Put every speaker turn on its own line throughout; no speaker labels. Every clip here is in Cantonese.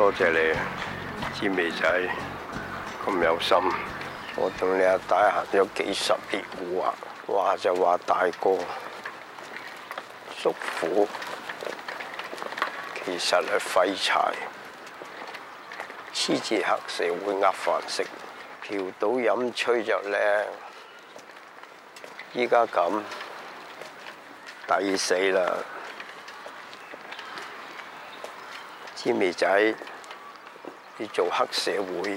多謝你，芝味仔咁有心。我同你阿大行咗幾十年華，話就話大哥叔父其實係廢柴，黐住黑社會壓飯食，嫖賭飲吹着靚。依家咁抵死啦，芝味仔。要做黑社會，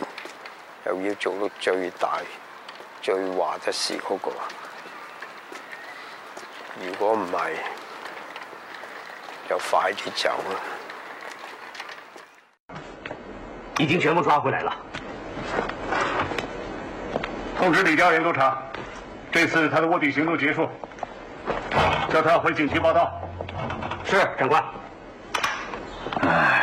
又要做到最大最華的事嗰個，如果唔係，就快啲
走啦。已經全部抓回來了，通知李調研督察，這次他的臥底行動結束，叫他回警局報到。是長官。唉。